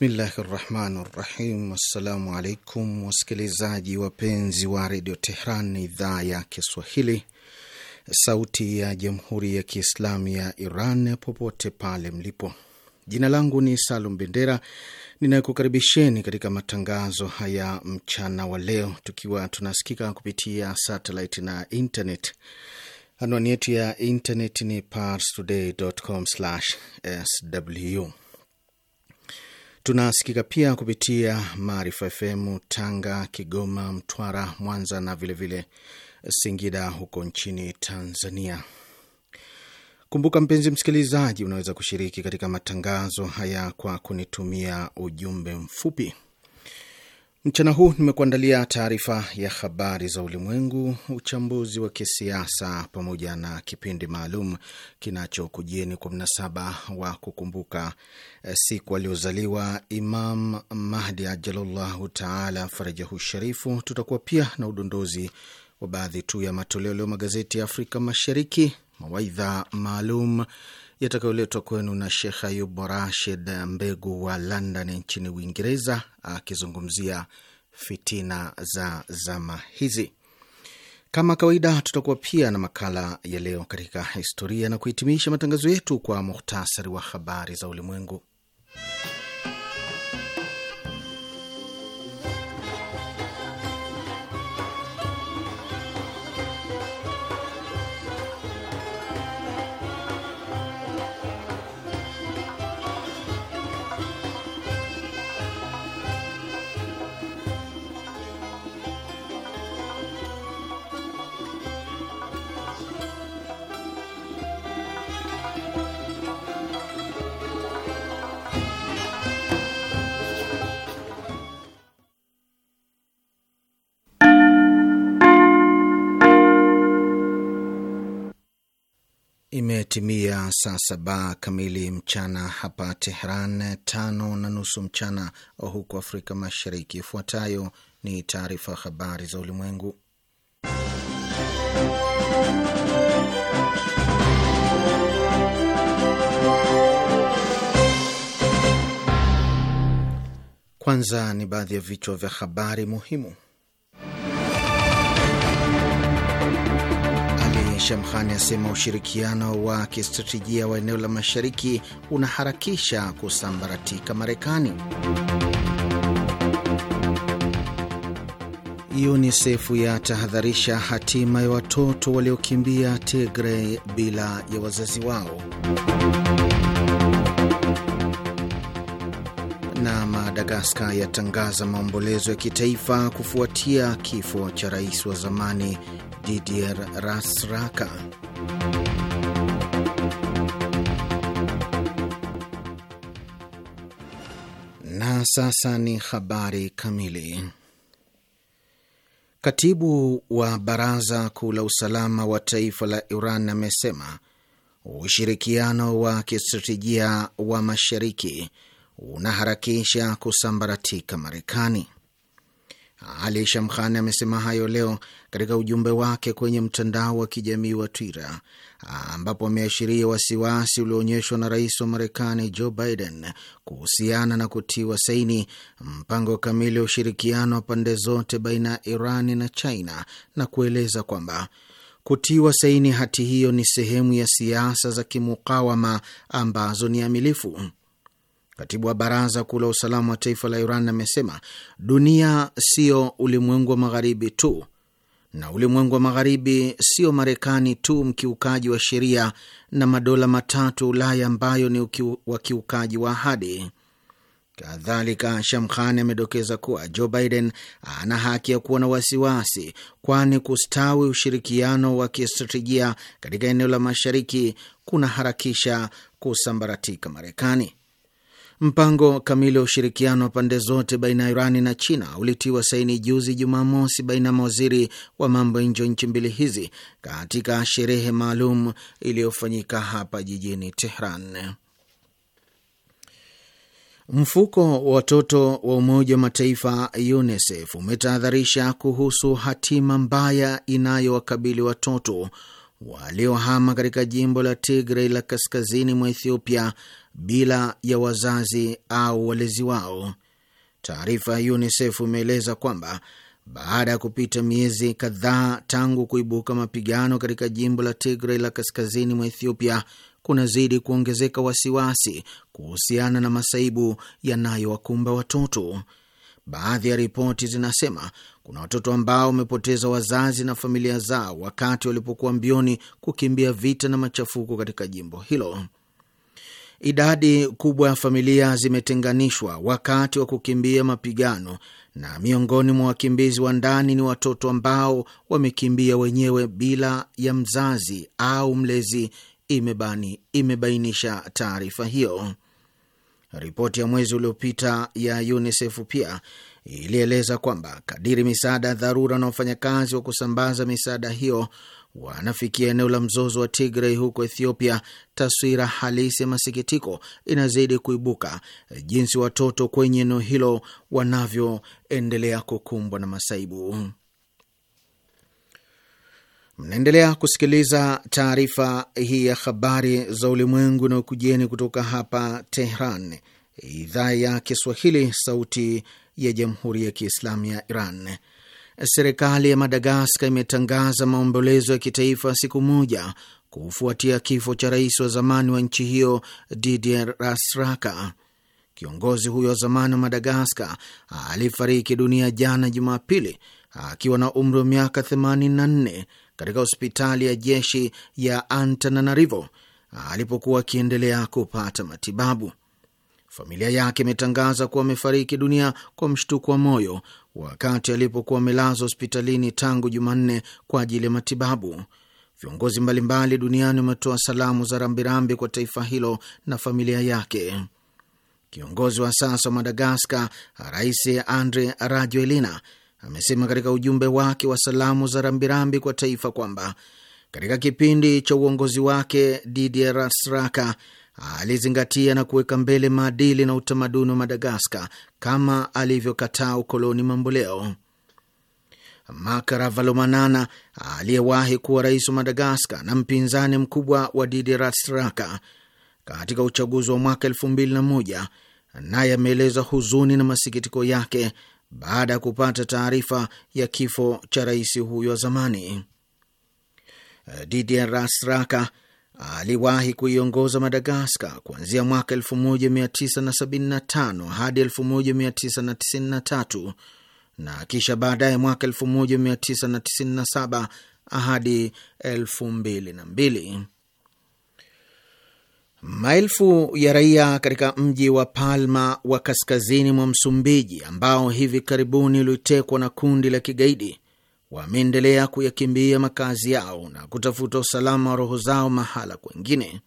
Bismillahi rahmani rahim. Assalamu alaikum wasikilizaji wapenzi wa redio Tehran, idhaa ya Kiswahili, sauti ya jamhuri ya kiislamu ya Iran, popote pale mlipo. Jina langu ni Salum Bendera ninayekukaribisheni katika matangazo haya mchana wa leo, tukiwa tunasikika kupitia satellite na internet. Anwani yetu ya internet ni parstoday.com/sw Tunasikika pia kupitia Maarifa FM Tanga, Kigoma, Mtwara, Mwanza na vilevile vile Singida huko nchini Tanzania. Kumbuka mpenzi msikilizaji, unaweza kushiriki katika matangazo haya kwa kunitumia ujumbe mfupi Mchana huu nimekuandalia taarifa ya habari za ulimwengu, uchambuzi wa kisiasa, pamoja na kipindi maalum kinachokujieni kwa mnasaba wa kukumbuka eh, siku aliozaliwa Imam Mahdi ajalllahu taala farajahu sharifu. Tutakuwa pia na udondozi wa baadhi tu ya matoleo leo magazeti ya Afrika Mashariki, mawaidha maalum yatakayoletwa kwenu na Shekh Ayub Rashid Mbegu wa London nchini Uingereza, akizungumzia fitina za zama hizi. Kama kawaida, tutakuwa pia na makala ya leo katika historia na kuhitimisha matangazo yetu kwa muhtasari wa habari za ulimwengu. Imetimia saa saba kamili mchana hapa Tehran, tano na nusu mchana huku Afrika Mashariki. Ifuatayo ni taarifa habari za ulimwengu, kwanza ni baadhi ya vichwa vya habari muhimu. Shamkhani asema ushirikiano wa kistratejia wa eneo la mashariki unaharakisha kusambaratika Marekani. UNICEF yatahadharisha hatima ya watoto waliokimbia Tigray bila ya wazazi wao. Na Madagaskar yatangaza maombolezo ya kitaifa kufuatia kifo cha rais wa zamani Didier Rasraka. Na sasa ni habari kamili. Katibu wa Baraza Kuu la Usalama wa Taifa la Iran amesema ushirikiano wa kistratejia wa Mashariki unaharakisha kusambaratika Marekani. Ali Shamkhani amesema hayo leo katika ujumbe wake kwenye mtandao wa kijamii wa Twitter ambapo ameashiria wasiwasi ulioonyeshwa na rais wa Marekani Joe Biden kuhusiana na kutiwa saini mpango kamili wa ushirikiano wa pande zote baina ya iran na China na kueleza kwamba kutiwa saini hati hiyo ni sehemu ya siasa za kimukawama ambazo ni amilifu. Katibu wa baraza kuu la usalama wa taifa la Iran amesema dunia sio ulimwengu wa magharibi tu na ulimwengu wa magharibi sio Marekani tu mkiukaji wa sheria na madola matatu Ulaya ambayo ni wakiukaji wa ahadi. Kadhalika, Shamkhani amedokeza kuwa Joe Biden ana haki ya kuwa na wasiwasi, kwani kustawi ushirikiano wa kistratejia katika eneo la mashariki kunaharakisha kusambaratika Marekani. Mpango kamili wa ushirikiano wa pande zote baina ya Irani na China ulitiwa saini juzi Jumamosi baina ya mawaziri wa mambo ya nje wa nchi mbili hizi katika sherehe maalum iliyofanyika hapa jijini Tehran. Mfuko wa watoto wa Umoja wa Mataifa UNICEF umetahadharisha kuhusu hatima mbaya inayowakabili watoto waliohama katika jimbo la Tigray la kaskazini mwa Ethiopia bila ya wazazi au walezi wao. Taarifa ya UNICEF imeeleza kwamba baada ya kupita miezi kadhaa tangu kuibuka mapigano katika jimbo la Tigray la kaskazini mwa Ethiopia, kunazidi kuongezeka wasiwasi kuhusiana na masaibu yanayowakumba watoto. Baadhi ya ripoti zinasema kuna watoto ambao wamepoteza wazazi na familia zao wakati walipokuwa mbioni kukimbia vita na machafuko katika jimbo hilo. Idadi kubwa ya familia zimetenganishwa wakati wa kukimbia mapigano, na miongoni mwa wakimbizi wa ndani ni watoto ambao wamekimbia wenyewe bila ya mzazi au mlezi, imebani imebainisha taarifa hiyo. Ripoti ya mwezi uliopita ya UNICEF pia ilieleza kwamba kadiri misaada ya dharura na wafanyakazi wa kusambaza misaada hiyo wanafikia eneo la mzozo wa Tigray huko Ethiopia, taswira halisi ya masikitiko inazidi kuibuka jinsi watoto kwenye eneo hilo wanavyoendelea kukumbwa na masaibu. Mnaendelea kusikiliza taarifa hii ya habari za ulimwengu na ukujieni kutoka hapa Tehran, idhaa ya Kiswahili, sauti ya jamhuri ya kiislamu ya Iran serikali ya Madagaskar imetangaza maombolezo ya kitaifa siku moja kufuatia kifo cha rais wa zamani wa nchi hiyo Didier rasraka Kiongozi huyo wa zamani wa Madagaskar alifariki dunia jana Jumapili akiwa na umri wa miaka 84 katika hospitali ya jeshi ya Antananarivo alipokuwa akiendelea kupata matibabu. Familia yake imetangaza kuwa amefariki dunia kwa mshtuko wa moyo wakati alipokuwa amelazwa hospitalini tangu Jumanne kwa ajili ya matibabu. Viongozi mbalimbali duniani wametoa salamu za rambirambi kwa taifa hilo na familia yake. Kiongozi wa sasa wa Madagaskar, Rais Andre Rajoelina, amesema katika ujumbe wake wa salamu za rambirambi kwa taifa kwamba katika kipindi cha uongozi wake Didier rasraka alizingatia na kuweka mbele maadili na utamaduni wa Madagaskar kama alivyokataa ukoloni mamboleo. Makara Valomanana aliyewahi kuwa rais wa Madagaskar na mpinzani mkubwa wa Didier Ratsiraka katika uchaguzi wa mwaka elfu mbili na moja naye ameeleza huzuni na masikitiko yake baada ya kupata taarifa ya kifo cha rais huyo wa zamani Didier Ratsiraka aliwahi kuiongoza Madagaskar kuanzia mwaka 1975 hadi 1993 na kisha baadaye mwaka 1997 hadi 2002. Maelfu ya raia katika mji wa Palma wa kaskazini mwa Msumbiji ambao hivi karibuni ulitekwa na kundi la kigaidi wameendelea kuyakimbia makazi yao na kutafuta usalama wa roho zao mahala kwengine.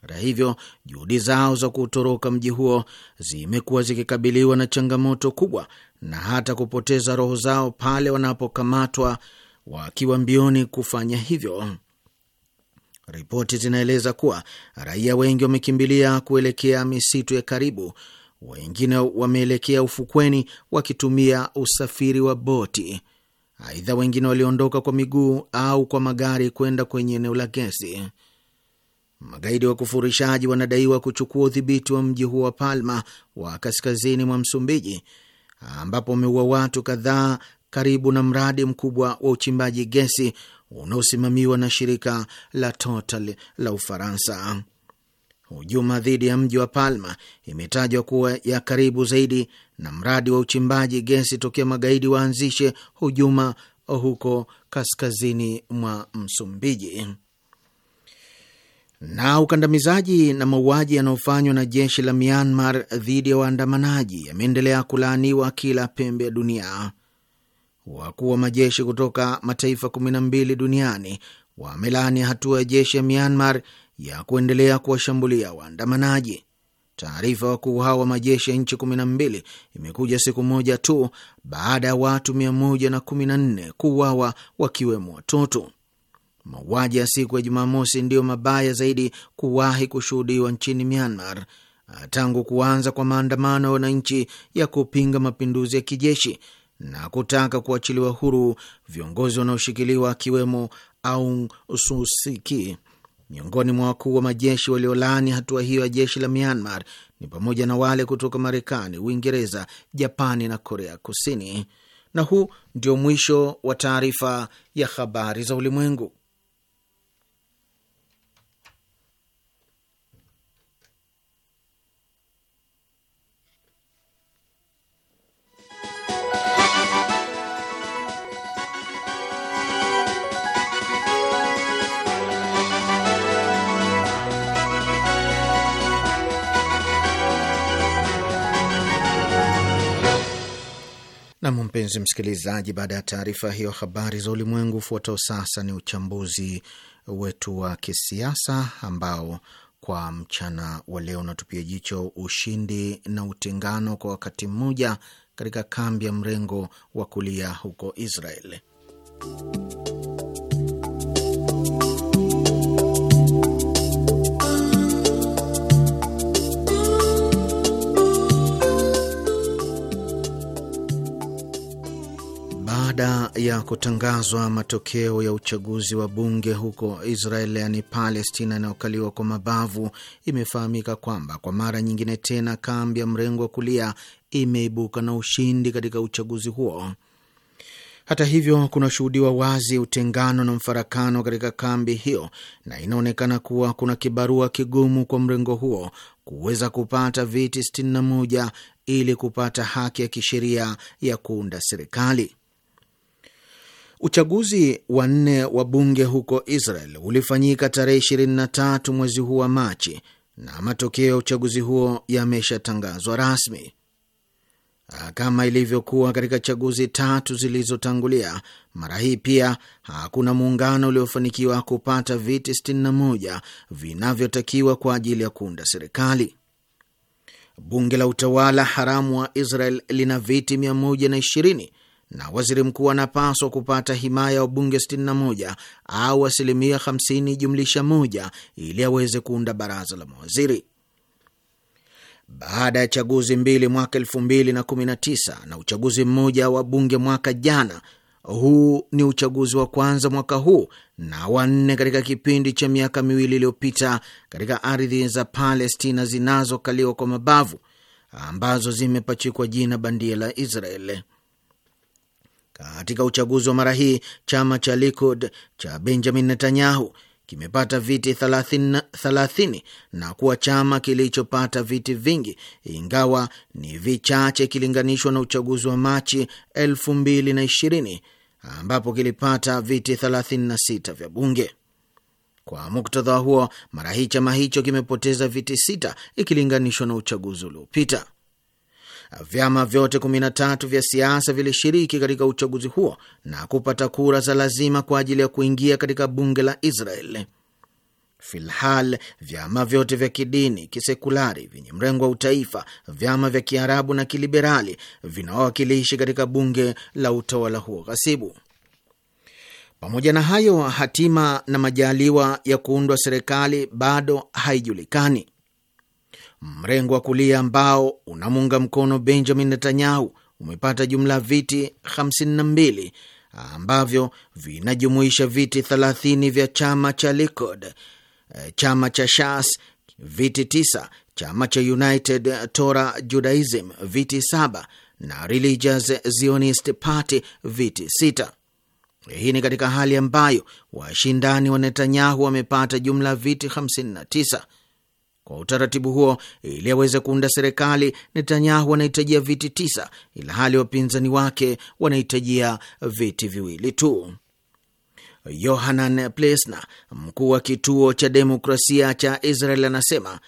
Hata hivyo, juhudi zao za kutoroka mji huo zimekuwa zikikabiliwa na changamoto kubwa na hata kupoteza roho zao pale wanapokamatwa wakiwa mbioni kufanya hivyo. Ripoti zinaeleza kuwa raia wengi wamekimbilia kuelekea misitu ya karibu, wengine wameelekea ufukweni wakitumia usafiri wa boti. Aidha, wengine waliondoka kwa miguu au kwa magari kwenda kwenye eneo la gesi. Magaidi wa kufurishaji wanadaiwa kuchukua udhibiti wa mji huo wa Palma wa kaskazini mwa Msumbiji, ambapo wameua watu kadhaa karibu na mradi mkubwa wa uchimbaji gesi unaosimamiwa na shirika la Total la Ufaransa. Hujuma dhidi ya mji wa Palma imetajwa kuwa ya karibu zaidi na mradi wa uchimbaji gesi tokea magaidi waanzishe hujuma huko kaskazini mwa Msumbiji. Na ukandamizaji na mauaji yanayofanywa na jeshi la Myanmar dhidi ya waandamanaji yameendelea kulaaniwa kila pembe ya dunia. Wakuu wa majeshi kutoka mataifa kumi na mbili duniani wamelaani hatua ya jeshi ya Myanmar ya kuendelea kuwashambulia waandamanaji. Taarifa ya wakuu hao wa majeshi ya nchi kumi na mbili imekuja siku moja tu baada ya watu mia moja na kumi na nne kuuawa wakiwemo watoto. Mauaji ya siku ya Jumamosi ndiyo mabaya zaidi kuwahi kushuhudiwa nchini Myanmar tangu kuanza kwa maandamano ya wananchi ya kupinga mapinduzi ya kijeshi na kutaka kuachiliwa huru viongozi wanaoshikiliwa akiwemo Aung Suu Kyi. Miongoni mwa wakuu wa majeshi waliolaani hatua hiyo ya jeshi la Myanmar ni pamoja na wale kutoka Marekani, Uingereza, Japani na Korea Kusini. Na huu ndio mwisho wa taarifa ya habari za ulimwengu. Nam, mpenzi msikilizaji, baada ya taarifa hiyo habari za ulimwengu, ufuatao sasa ni uchambuzi wetu wa kisiasa ambao kwa mchana wa leo unatupia jicho ushindi na utengano kwa wakati mmoja katika kambi ya mrengo wa kulia huko Israel. Baada ya kutangazwa matokeo ya uchaguzi wa bunge huko Israel, yani Palestina inayokaliwa kwa mabavu, imefahamika kwamba kwa mara nyingine tena kambi ya mrengo wa kulia imeibuka na ushindi katika uchaguzi huo. Hata hivyo, kunashuhudiwa wazi utengano na mfarakano katika kambi hiyo, na inaonekana kuwa kuna kibarua kigumu kwa mrengo huo kuweza kupata viti 61 ili kupata haki ya kisheria ya kuunda serikali. Uchaguzi wa nne wa bunge huko Israel ulifanyika tarehe 23 mwezi huu wa Machi na matokeo ya uchaguzi huo yameshatangazwa rasmi. Kama ilivyokuwa katika chaguzi tatu zilizotangulia, mara hii pia hakuna muungano uliofanikiwa kupata viti 61 vinavyotakiwa kwa ajili ya kuunda serikali. Bunge la utawala haramu wa Israel lina viti 120 na waziri mkuu anapaswa kupata himaya wa bunge 61 au asilimia 50 jumlisha moja ili aweze kuunda baraza la mawaziri. Baada ya chaguzi mbili mwaka 2019 na uchaguzi mmoja wa bunge mwaka jana, huu ni uchaguzi wa kwanza mwaka huu na wanne katika kipindi cha miaka miwili iliyopita katika ardhi za Palestina zinazokaliwa kwa mabavu ambazo zimepachikwa jina bandia la Israeli. Katika uchaguzi wa mara hii chama cha Likud cha Benjamin Netanyahu kimepata viti 30, na kuwa chama kilichopata viti vingi ingawa ni vichache ikilinganishwa na uchaguzi wa Machi 2020 ambapo kilipata viti 36 vya bunge. Kwa muktadha huo, mara hii chama hicho kimepoteza viti sita ikilinganishwa na uchaguzi uliopita. Vyama vyote 13 vya siasa vilishiriki katika uchaguzi huo na kupata kura za lazima kwa ajili ya kuingia katika bunge la Israel. Filhal, vyama vyote vya kidini, kisekulari, vyenye mrengo wa utaifa, vyama vya kiarabu na kiliberali vinawawakilishi katika bunge la utawala huo ghasibu. Pamoja na hayo, hatima na majaliwa ya kuundwa serikali bado haijulikani mrengo wa kulia ambao unamuunga mkono Benjamin Netanyahu umepata jumla ya viti 52 ambavyo vinajumuisha viti 30 vya chama cha Likud, eh, chama cha Shas viti 9, chama cha United Torah Judaism viti 7 na Religious Zionist Party viti 6. Hii ni katika hali ambayo washindani wa Netanyahu wamepata jumla ya viti 59. Kwa utaratibu huo, ili aweze kuunda serikali, Netanyahu anahitajia viti tisa, ila hali wapinzani wake wanahitajia viti viwili tu. Yohanan Plesner, mkuu wa kituo cha demokrasia cha Israel, anasema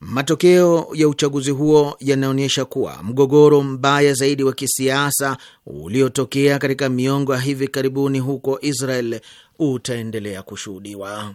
matokeo ya uchaguzi huo yanaonyesha kuwa mgogoro mbaya zaidi wa kisiasa uliotokea katika miongo ya hivi karibuni huko Israel utaendelea kushuhudiwa.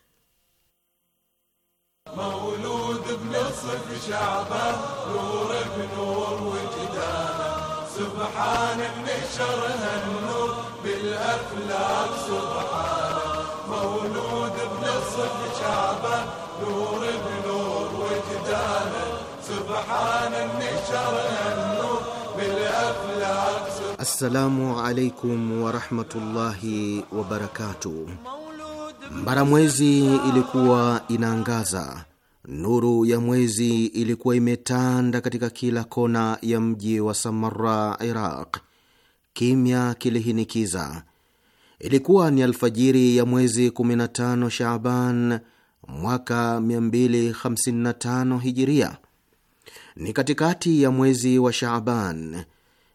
مولود بنصف شعبه نور بنور وجدانه سبحان من شرها النور بالافلاك سبحانه مولود بنصف شعبه نور بنور وجدانه سبحان من شرها النور بالافلاك السلام عليكم ورحمه الله وبركاته mwezi ilikuwa inaangaza. Nuru ya mwezi ilikuwa imetanda katika kila kona ya mji wa Samara, Iraq. Kimya kilihinikiza. Ilikuwa ni alfajiri ya mwezi 15 Shaaban mwaka 255 Hijiria. Ni katikati ya mwezi wa Shaaban,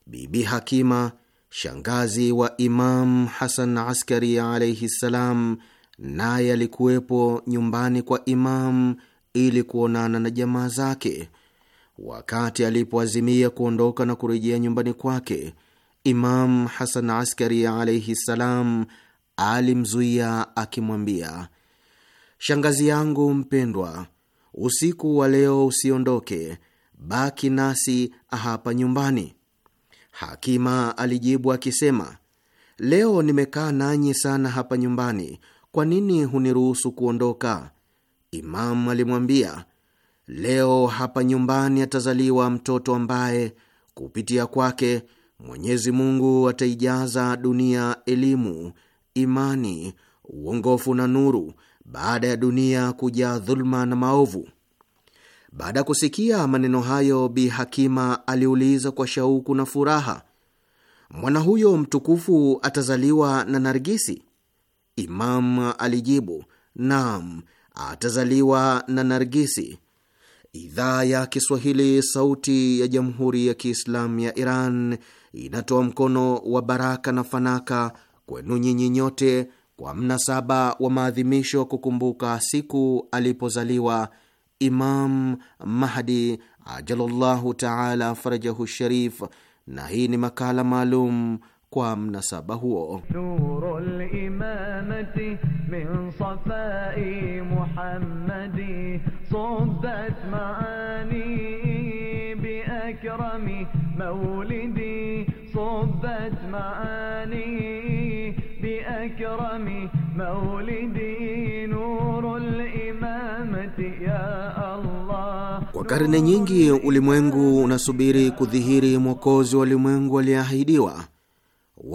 Bibi Hakima, shangazi wa Imam Hasan Askari alaihi ssalam naye alikuwepo nyumbani kwa Imamu ili kuonana na jamaa zake. Wakati alipoazimia kuondoka na kurejea nyumbani kwake, imam Hasan Askari alaihi ssalam alimzuia akimwambia, shangazi yangu mpendwa, usiku wa leo usiondoke, baki nasi hapa nyumbani. Hakima alijibu akisema, leo nimekaa nanyi sana hapa nyumbani kwa nini huniruhusu kuondoka? imam alimwambia, leo hapa nyumbani atazaliwa mtoto ambaye kupitia kwake Mwenyezi Mungu ataijaza dunia elimu, imani, uongofu na nuru, baada ya dunia kujaa dhuluma na maovu. Baada ya kusikia maneno hayo, Bi Hakima aliuliza kwa shauku na furaha, mwana huyo mtukufu atazaliwa na Nargisi? Imam alijibu naam, atazaliwa na Nargisi. Idhaa ya Kiswahili, Sauti ya Jamhuri ya Kiislamu ya Iran inatoa mkono wa baraka na fanaka kwenu nyinyi nyote kwa mnasaba wa maadhimisho kukumbuka siku alipozaliwa Imam Mahdi ajalallahu taala farajahu sharif, na hii ni makala maalum kwa mnasaba huo. Kwa karne nyingi ulimwengu unasubiri kudhihiri mwokozi wa ulimwengu aliyeahidiwa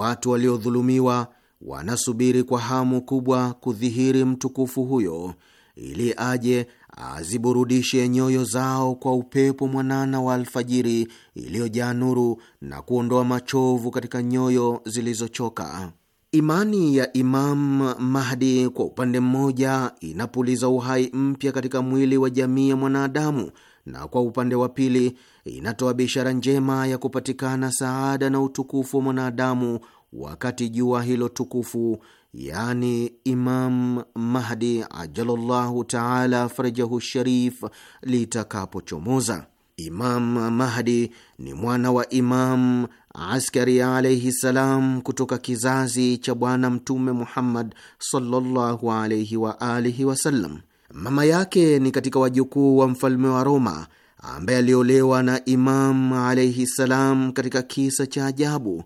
watu waliodhulumiwa wanasubiri kwa hamu kubwa kudhihiri mtukufu huyo ili aje aziburudishe nyoyo zao kwa upepo mwanana wa alfajiri iliyojaa nuru na kuondoa machovu katika nyoyo zilizochoka. Imani ya Imam Mahdi kwa upande mmoja inapuliza uhai mpya katika mwili wa jamii ya mwanadamu na kwa upande wa pili inatoa bishara njema ya kupatikana saada na utukufu wa mwanadamu wakati jua hilo tukufu, yani Imam Mahdi ajalallahu taala farajahu sharif litakapochomoza. Imam Mahdi ni mwana wa Imam Askari alaihi salam kutoka kizazi cha Bwana Mtume Muhammad sallallahu alaihi wa alihi wasallam. Mama yake ni katika wajukuu wa mfalme wa Roma ambaye aliolewa na Imam alaihi ssalam katika kisa cha ajabu.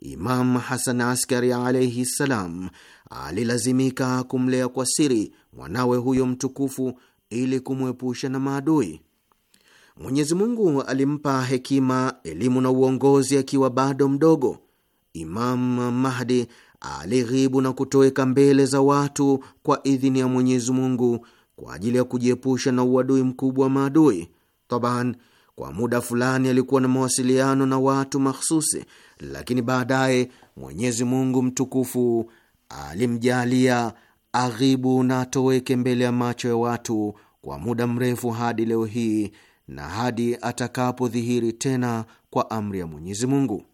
Imam Hasan Askari alaihi ssalam alilazimika kumlea kwa siri mwanawe huyo mtukufu ili kumwepusha na maadui. Mwenyezi Mungu alimpa hekima, elimu na uongozi akiwa bado mdogo. Imam Mahdi alighibu na kutoweka mbele za watu kwa idhini ya Mwenyezi Mungu kwa ajili ya kujiepusha na uadui mkubwa wa maadui. Taban, kwa muda fulani alikuwa na mawasiliano na watu mahsusi, lakini baadaye Mwenyezi Mungu mtukufu alimjalia aghibu na atoweke mbele ya macho ya watu kwa muda mrefu hadi leo hii na hadi atakapodhihiri tena kwa amri ya Mwenyezi Mungu.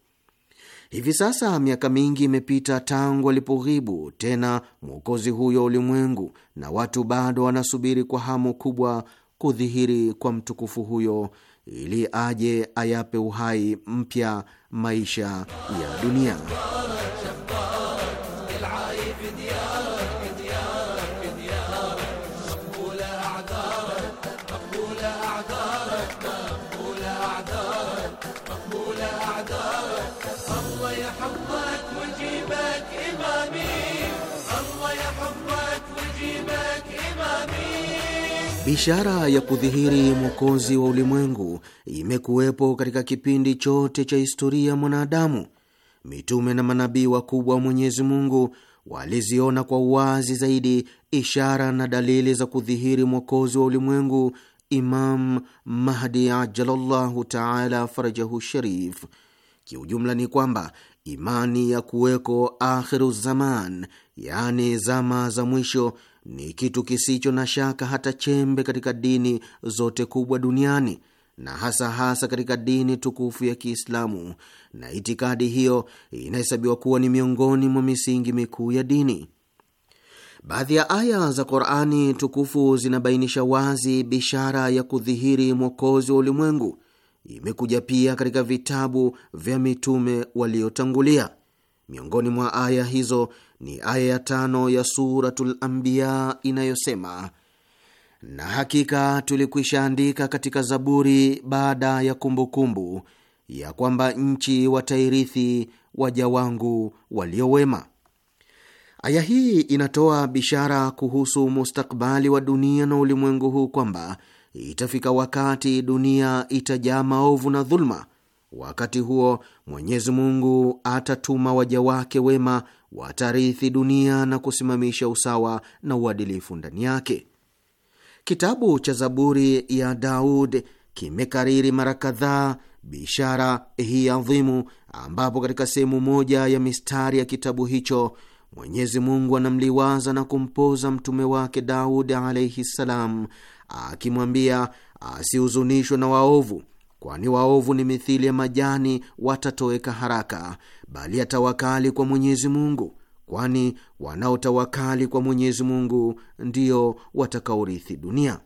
Hivi sasa miaka mingi imepita tangu alipoghibu tena mwokozi huyo ulimwengu, na watu bado wanasubiri kwa hamu kubwa kudhihiri kwa mtukufu huyo ili aje ayape uhai mpya maisha ya dunia. Bishara ya kudhihiri mwokozi wa ulimwengu imekuwepo katika kipindi chote cha historia ya mwanadamu. Mitume na manabii wakubwa wa Mwenyezi Mungu waliziona kwa uwazi zaidi ishara na dalili za kudhihiri mwokozi wa ulimwengu, Imam Mahdi ajalallahu taala farajahu sharif. Kiujumla ni kwamba imani ya kuweko akhiru zaman, yaani zama za mwisho ni kitu kisicho na shaka hata chembe katika dini zote kubwa duniani na hasa hasa katika dini tukufu ya Kiislamu, na itikadi hiyo inahesabiwa kuwa ni miongoni mwa misingi mikuu ya dini. Baadhi ya aya za Qur'ani tukufu zinabainisha wazi bishara ya kudhihiri mwokozi wa ulimwengu. Imekuja pia katika vitabu vya mitume waliotangulia. Miongoni mwa aya hizo ni aya ya tano ya Suratul Anbiya inayosema na hakika tulikwisha andika katika Zaburi baada ya kumbukumbu kumbu, ya kwamba nchi watairithi waja wangu waliowema. Aya hii inatoa bishara kuhusu mustakbali wa dunia na ulimwengu huu kwamba itafika wakati dunia itajaa maovu na dhuluma Wakati huo Mwenyezi Mungu atatuma waja wake wema watarithi dunia na kusimamisha usawa na uadilifu ndani yake. Kitabu cha Zaburi ya Daud kimekariri mara kadhaa bishara hii adhimu, ambapo katika sehemu moja ya mistari ya kitabu hicho Mwenyezi Mungu anamliwaza na kumpoza mtume wake Daudi alaihi ssalam, akimwambia asihuzunishwe na waovu kwani waovu ni mithili ya majani, watatoweka haraka, bali atawakali kwa Mwenyezi Mungu, kwani wanaotawakali kwa Mwenyezi Mungu ndio watakaorithi dunia.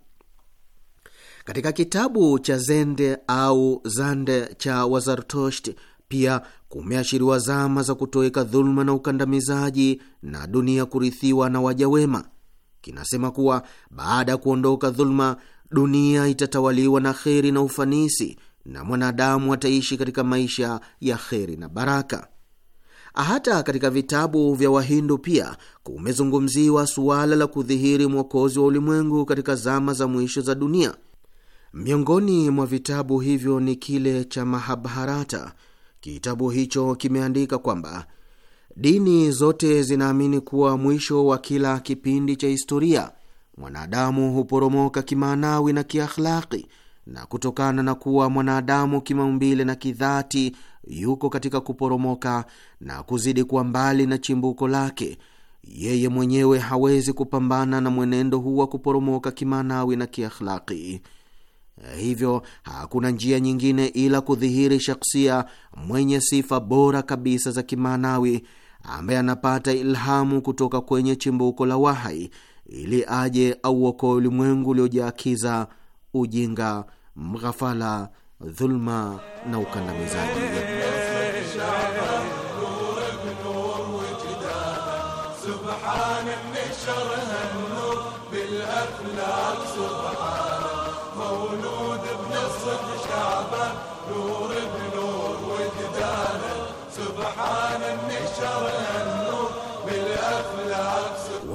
Katika kitabu cha Zende au Zande cha Wazartosht pia kumeashiriwa zama za kutoweka dhuluma na ukandamizaji na dunia kurithiwa na waja wema. Kinasema kuwa baada ya kuondoka dhuluma, dunia itatawaliwa na kheri na ufanisi na mwanadamu ataishi katika maisha ya kheri na baraka. Hata katika vitabu vya Wahindu pia kumezungumziwa suala la kudhihiri mwokozi wa ulimwengu katika zama za mwisho za dunia. Miongoni mwa vitabu hivyo ni kile cha Mahabharata. Kitabu hicho kimeandika kwamba dini zote zinaamini kuwa mwisho wa kila kipindi cha historia mwanadamu huporomoka kimaanawi na kiakhlaki na kutokana na kuwa mwanadamu kimaumbile na kidhati yuko katika kuporomoka na kuzidi kuwa mbali na chimbuko lake, yeye mwenyewe hawezi kupambana na mwenendo huu wa kuporomoka kimaanawi na kiakhlaki. Hivyo hakuna njia nyingine ila kudhihiri shakhsia mwenye sifa bora kabisa za kimaanawi ambaye anapata ilhamu kutoka kwenye chimbuko la wahai ili aje auokoe ulimwengu uliojaakiza, ujinga mghafala, dhulma na ukandamizaji.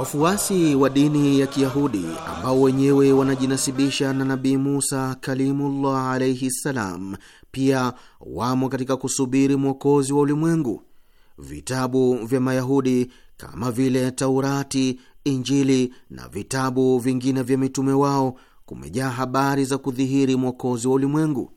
Wafuasi wa dini ya Kiyahudi ambao wenyewe wanajinasibisha na Nabii Musa Kalimullah alaihi ssalam, pia wamo katika kusubiri mwokozi wa ulimwengu. Vitabu vya Mayahudi kama vile Taurati, Injili na vitabu vingine vya mitume wao kumejaa habari za kudhihiri mwokozi wa ulimwengu.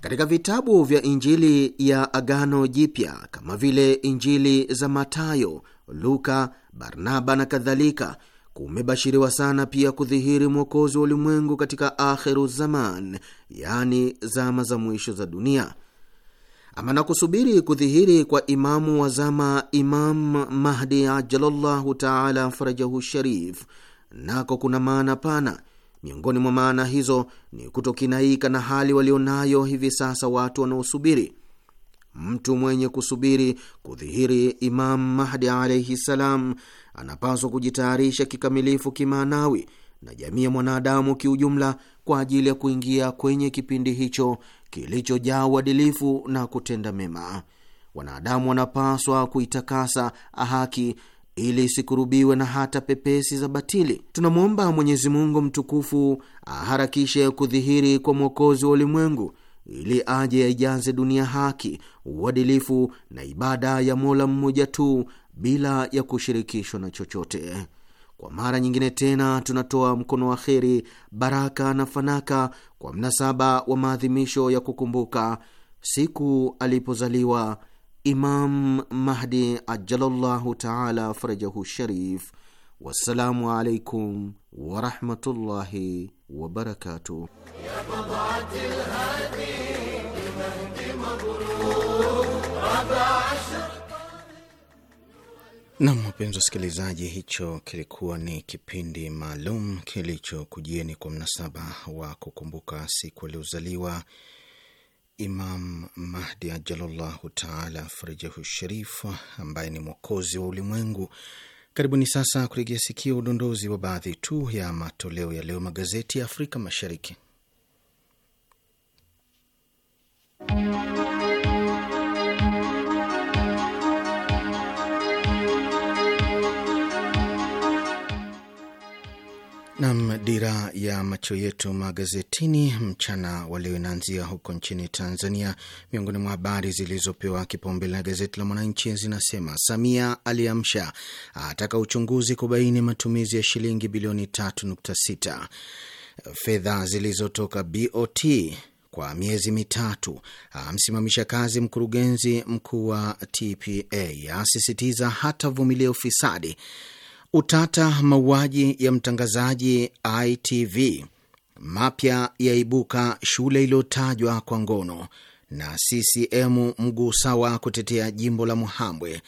Katika vitabu vya Injili ya Agano Jipya kama vile Injili za Matayo Luka, Barnaba na kadhalika, kumebashiriwa sana pia kudhihiri mwokozi wa ulimwengu katika akhiru zaman, yani zama za mwisho za dunia. Ama na kusubiri kudhihiri kwa imamu wa zama, Imam Mahdi ajalallahu taala farajahu sharif, nako kuna maana pana. Miongoni mwa maana hizo ni kutokinaika na hali walionayo hivi sasa watu wanaosubiri Mtu mwenye kusubiri kudhihiri Imam Mahdi alaihi salam anapaswa kujitayarisha kikamilifu kimaanawi na jamii ya mwanadamu kiujumla kwa ajili ya kuingia kwenye kipindi hicho kilichojaa uadilifu na kutenda mema. Wanadamu wanapaswa kuitakasa haki ili isikurubiwe na hata pepesi za batili. Tunamwomba Mwenyezi Mungu mtukufu aharakishe kudhihiri kwa mwokozi wa ulimwengu ili aje yaijaze dunia haki, uadilifu na ibada ya Mola mmoja tu bila ya kushirikishwa na chochote. Kwa mara nyingine tena tunatoa mkono wa kheri, baraka na fanaka kwa mnasaba wa maadhimisho ya kukumbuka siku alipozaliwa Imam Mahdi ajalallahu taala farajahu sharif Wassalamu alaikum warahmatullahi wabarakatuh. Nam, wapenzi wasikilizaji, hicho kilikuwa ni kipindi maalum kilichokujieni kwa mnasaba wa kukumbuka siku aliozaliwa Imam Mahdi ajalallahu taala farajahu sharif ambaye ni mwokozi wa ulimwengu Karibuni sasa kuregea sikio udondozi wa baadhi tu ya matoleo ya leo magazeti ya Afrika Mashariki. Nam, dira ya macho yetu magazetini mchana wa leo inaanzia huko nchini Tanzania. Miongoni mwa habari zilizopewa kipaumbele na gazeti la Mwananchi zinasema Samia aliamsha, ataka uchunguzi kubaini matumizi ya shilingi bilioni 3.6 fedha zilizotoka BOT kwa miezi mitatu, amsimamisha kazi mkurugenzi mkuu wa TPA, asisitiza hatavumilia ufisadi Utata mauaji ya mtangazaji ITV, mapya yaibuka shule iliyotajwa kwa ngono, na CCM mguu sawa kutetea jimbo la Muhambwe.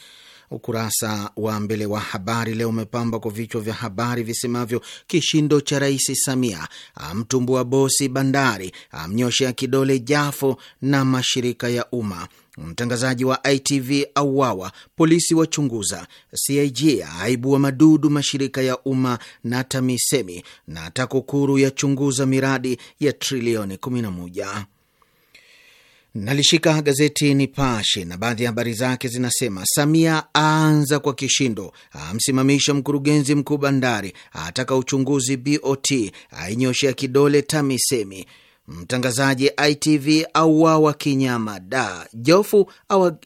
Ukurasa wa mbele wa Habari Leo umepamba kwa vichwa vya habari visemavyo: kishindo cha Rais Samia, amtumbua bosi bandari, amnyoshea kidole Jafo na mashirika ya umma Mtangazaji wa ITV auawa, polisi wachunguza, CIG aibua madudu mashirika ya umma na TAMISEMI, na TAKUKURU yachunguza miradi ya trilioni 11. Nalishika gazeti Nipashe na baadhi ya habari zake zinasema: Samia aanza kwa kishindo, amsimamisha mkurugenzi mkuu bandari, ataka uchunguzi BOT, ainyoshea kidole TAMISEMI Mtangazaji ITV auawa kinyama da. Jofu awa,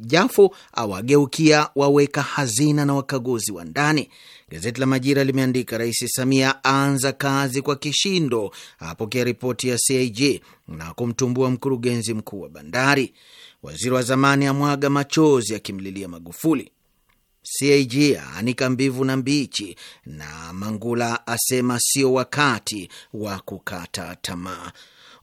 Jafu awageukia waweka hazina na wakaguzi wa ndani. Gazeti la Majira limeandika Rais Samia aanza kazi kwa kishindo, apokea ripoti ya CAG na kumtumbua mkurugenzi mkuu wa bandari. Waziri wa zamani amwaga machozi akimlilia Magufuli. CAG anika mbivu na mbichi, na Mangula asema sio wakati wa kukata tamaa.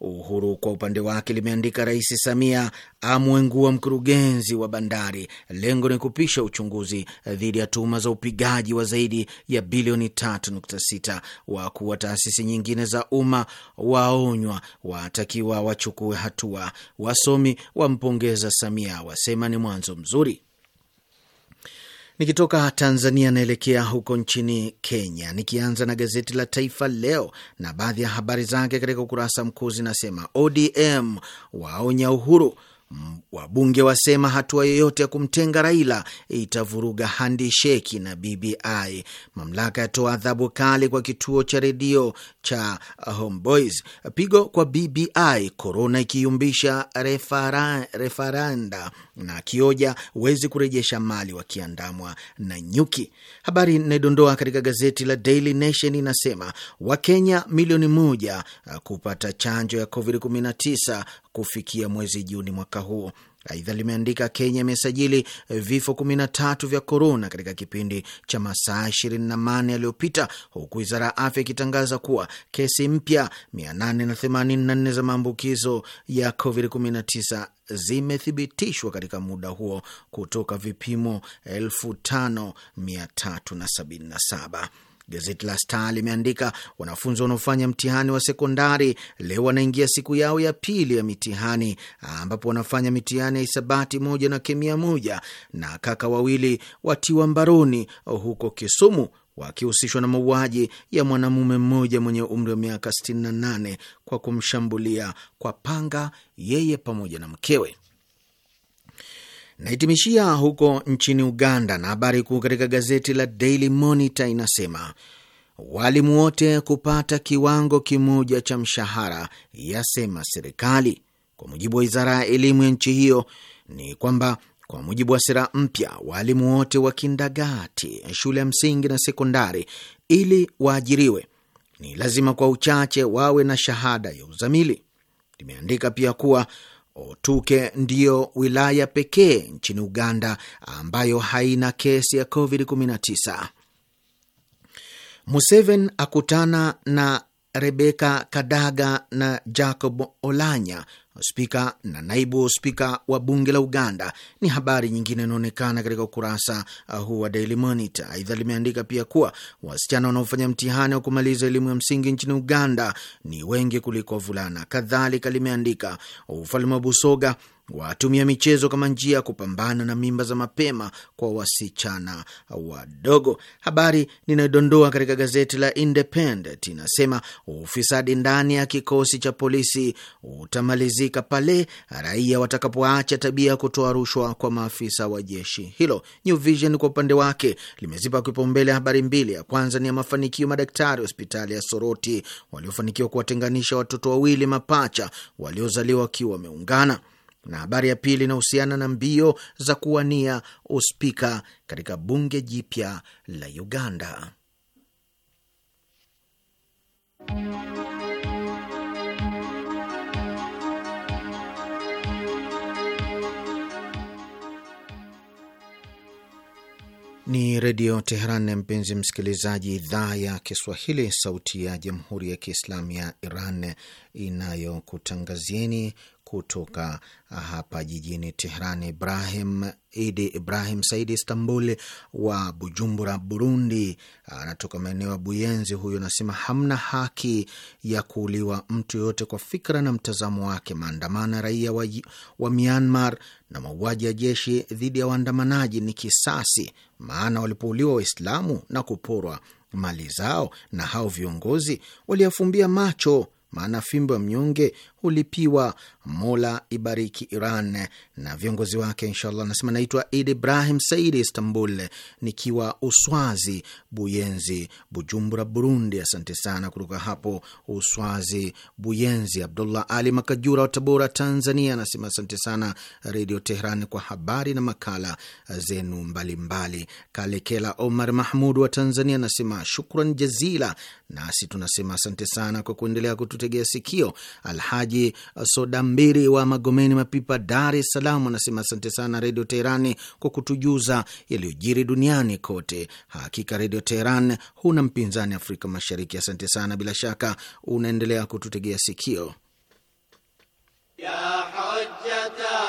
Uhuru kwa upande wake limeandika Rais Samia amwengua mkurugenzi wa bandari, lengo ni kupisha uchunguzi dhidi ya tuhuma za upigaji wa zaidi ya bilioni 3.6. Wakuu wa taasisi nyingine za umma waonywa, watakiwa wachukue hatua. Wasomi wampongeza Samia, wasema ni mwanzo mzuri. Nikitoka Tanzania naelekea huko nchini Kenya, nikianza na gazeti la Taifa Leo na baadhi ya habari zake katika ukurasa mkuu zinasema: ODM waonya Uhuru Wabunge wasema hatua yoyote ya kumtenga Raila itavuruga handisheki na BBI. Mamlaka yatoa adhabu kali kwa kituo cha redio cha Homeboys. Pigo kwa BBI, korona ikiyumbisha refera, na kioja huwezi kurejesha mali wakiandamwa na nyuki. Habari inayodondoa katika gazeti la Daily Nation inasema Wakenya milioni moja uh, kupata chanjo ya COVID-19 kufikia mwezi Juni mwaka mwaka huu. Aidha limeandika Kenya imesajili vifo 13 vya korona katika kipindi cha masaa 24 yaliyopita, huku wizara ya afya ikitangaza kuwa kesi mpya 884 za maambukizo ya COVID-19 zimethibitishwa katika muda huo kutoka vipimo 5377. Gazeti la Star limeandika wanafunzi wanaofanya mtihani wa sekondari leo wanaingia siku yao ya pili ya mitihani, ambapo wanafanya mitihani ya hisabati moja na kemia moja, na kaka wawili watiwa mbaroni huko Kisumu wakihusishwa na mauaji ya mwanamume mmoja mwenye umri wa miaka 68 kwa kumshambulia kwa panga yeye pamoja na mkewe. Nahitimishia huko nchini Uganda, na habari kuu katika gazeti la Daily Monitor inasema walimu wote kupata kiwango kimoja cha mshahara, yasema serikali. Kwa mujibu wa wizara ya elimu ya nchi hiyo ni kwamba kwa mujibu wa sera mpya, waalimu wote wa kindagati, shule ya msingi na sekondari, ili waajiriwe ni lazima kwa uchache wawe na shahada ya uzamili. Limeandika pia kuwa Otuke ndiyo wilaya pekee nchini Uganda ambayo haina kesi ya COVID-19. Museveni akutana na Rebeka Kadaga na Jacob Olanya spika na naibu spika wa bunge la Uganda. Ni habari nyingine inaonekana katika ukurasa uh, huu wa Daily Monitor. Aidha limeandika pia kuwa wasichana wanaofanya mtihani wa kumaliza elimu ya msingi nchini Uganda ni wengi kuliko wavulana. Kadhalika limeandika ufalme wa Busoga watumia michezo kama njia ya kupambana na mimba za mapema kwa wasichana wadogo. Habari ninayodondoa katika gazeti la Independent inasema ufisadi ndani ya kikosi cha polisi utamalizika pale raia watakapoacha tabia ya kutoa rushwa kwa maafisa wa jeshi hilo. New Vision kwa upande wake limezipa kipaumbele habari mbili. Ya kwanza ni ya mafanikio madaktari hospitali ya Soroti waliofanikiwa kuwatenganisha watoto wawili mapacha waliozaliwa wakiwa wameungana. Na habari ya pili inahusiana na mbio za kuwania uspika katika bunge jipya la Uganda. Ni Redio Teheran, mpenzi msikilizaji, idhaa ya Kiswahili, sauti ya Jamhuri ya Kiislamu ya Iran inayokutangazieni kutoka ah, hapa jijini Tehran, Ibrahim Idi Ibrahim Saidi Istanbul wa Bujumbura, Burundi, ah, anatoka maeneo ya Buyenzi. Huyu anasema hamna haki ya kuuliwa mtu yoyote kwa fikra na mtazamo wake. Maandamano ya raia wa, wa Myanmar na mauaji ya jeshi dhidi ya waandamanaji ni kisasi, maana walipouliwa Waislamu na kuporwa mali zao, na hao viongozi waliyafumbia macho, maana fimbo ya mnyonge hulipiwa. Mola ibariki Iran na viongozi wake, inshallah. Nasema naitwa id Ibrahim Saidi, Istanbul, nikiwa Uswazi Buyenzi, Bujumbura, Burundi. Asante sana kutoka hapo Uswazi Buyenzi. Abdullah Ali Makajura wa Tabora, Tanzania, anasema asante sana Redio Tehran kwa habari na makala zenu mbalimbali mbali. Kalekela Omar Mahmud wa Tanzania anasema shukran jazila, nasi tunasema asante sana kwa kuendelea kututegea sikio Alhaji mshikaji uh, soda mbili wa Magomeni Mapipa, Dar es Salaam, anasema asante sana Redio Teherani kwa kutujuza yaliyojiri duniani kote. Hakika Redio Teheran huna mpinzani Afrika Mashariki. Asante sana, bila shaka unaendelea kututegea sikio ya hujjata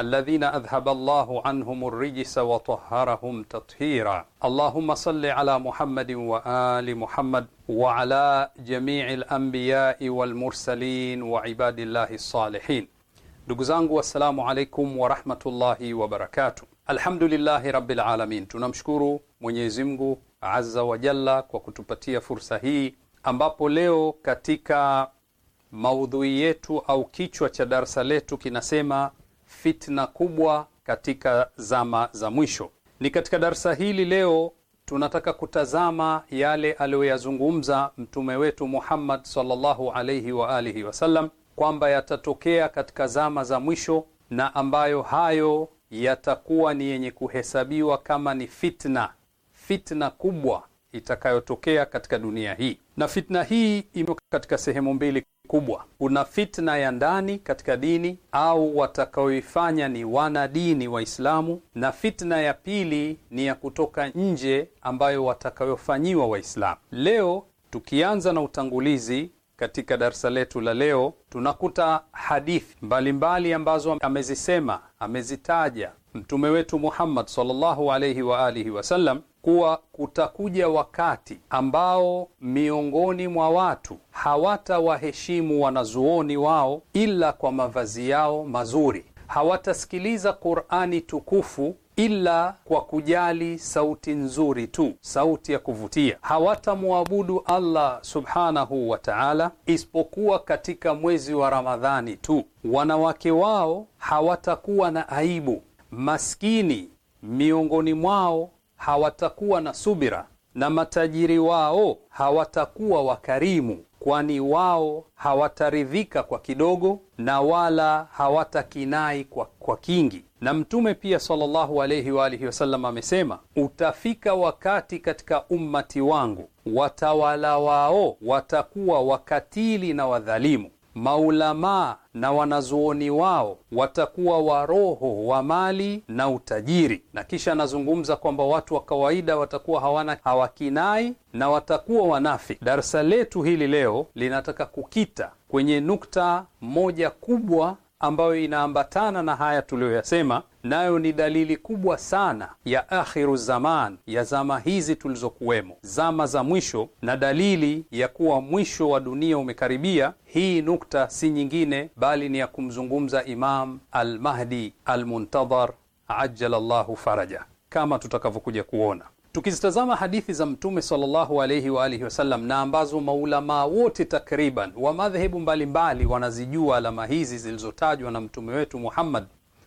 alladhina adhhaba Allahu anhum ar-rijsa tathira Allahumma salli ala Muhammadin wa ali Muhammad wa ala jami'i al walmursalin wal mursalin wa ibadillahi salihin. Ndugu zangu, assalamu alaykum wa rahmatullahi wa barakatuh. Alhamdulillahi rabbil alamin, tunamshukuru Mwenyezi Mungu azza wa jalla kwa kutupatia fursa hii ambapo leo katika maudhui yetu au kichwa cha darsa letu kinasema fitna kubwa katika zama za mwisho. Ni katika darsa hili leo tunataka kutazama yale aliyoyazungumza mtume wetu Muhammad sallallahu alayhi wa alihi wasallam kwamba yatatokea katika zama za mwisho na ambayo hayo yatakuwa ni yenye kuhesabiwa kama ni fitna, fitna kubwa itakayotokea katika dunia hii, na fitna hii imo katika sehemu mbili kubwa. Kuna fitna ya ndani katika dini au watakaoifanya ni wana dini Waislamu, na fitna ya pili ni ya kutoka nje ambayo watakayofanyiwa Waislamu. Leo tukianza na utangulizi katika darsa letu la leo, tunakuta hadithi mbalimbali mbali ambazo amezisema amezitaja mtume wetu Muhammad sallallahu alayhi wa alihi wasallam kuwa kutakuja wakati ambao miongoni mwa watu hawatawaheshimu wanazuoni wao ila kwa mavazi yao mazuri, hawatasikiliza Qur'ani tukufu ila kwa kujali sauti nzuri tu, sauti ya kuvutia. Hawatamwabudu Allah subhanahu wa ta'ala isipokuwa katika mwezi wa Ramadhani tu. Wanawake wao hawatakuwa na aibu. Maskini miongoni mwao hawatakuwa na subira na matajiri wao hawatakuwa wakarimu, kwani wao hawataridhika kwa kidogo na wala hawatakinai kwa, kwa kingi. Na Mtume pia sallallahu alayhi wa alihi wasallam amesema, utafika wakati katika ummati wangu watawala wao watakuwa wakatili na wadhalimu maulamaa na wanazuoni wao watakuwa waroho wa mali na utajiri. Na kisha anazungumza kwamba watu wa kawaida watakuwa hawana hawakinai na watakuwa wanafi. Darsa letu hili leo linataka kukita kwenye nukta moja kubwa ambayo inaambatana na haya tuliyoyasema, nayo ni dalili kubwa sana ya akhiru zaman, ya zama hizi tulizokuwemo, zama za mwisho, na dalili ya kuwa mwisho wa dunia umekaribia. Hii nukta si nyingine bali ni ya kumzungumza Imam Almahdi Almuntadhar ajala llahu faraja, kama tutakavyokuja kuona. Tukizitazama hadithi za Mtume sallallahu alaihi wa alihi wasallam na ambazo maulamaa wote takriban wa madhehebu mbalimbali wanazijua alama hizi zilizotajwa na Mtume wetu Muhammad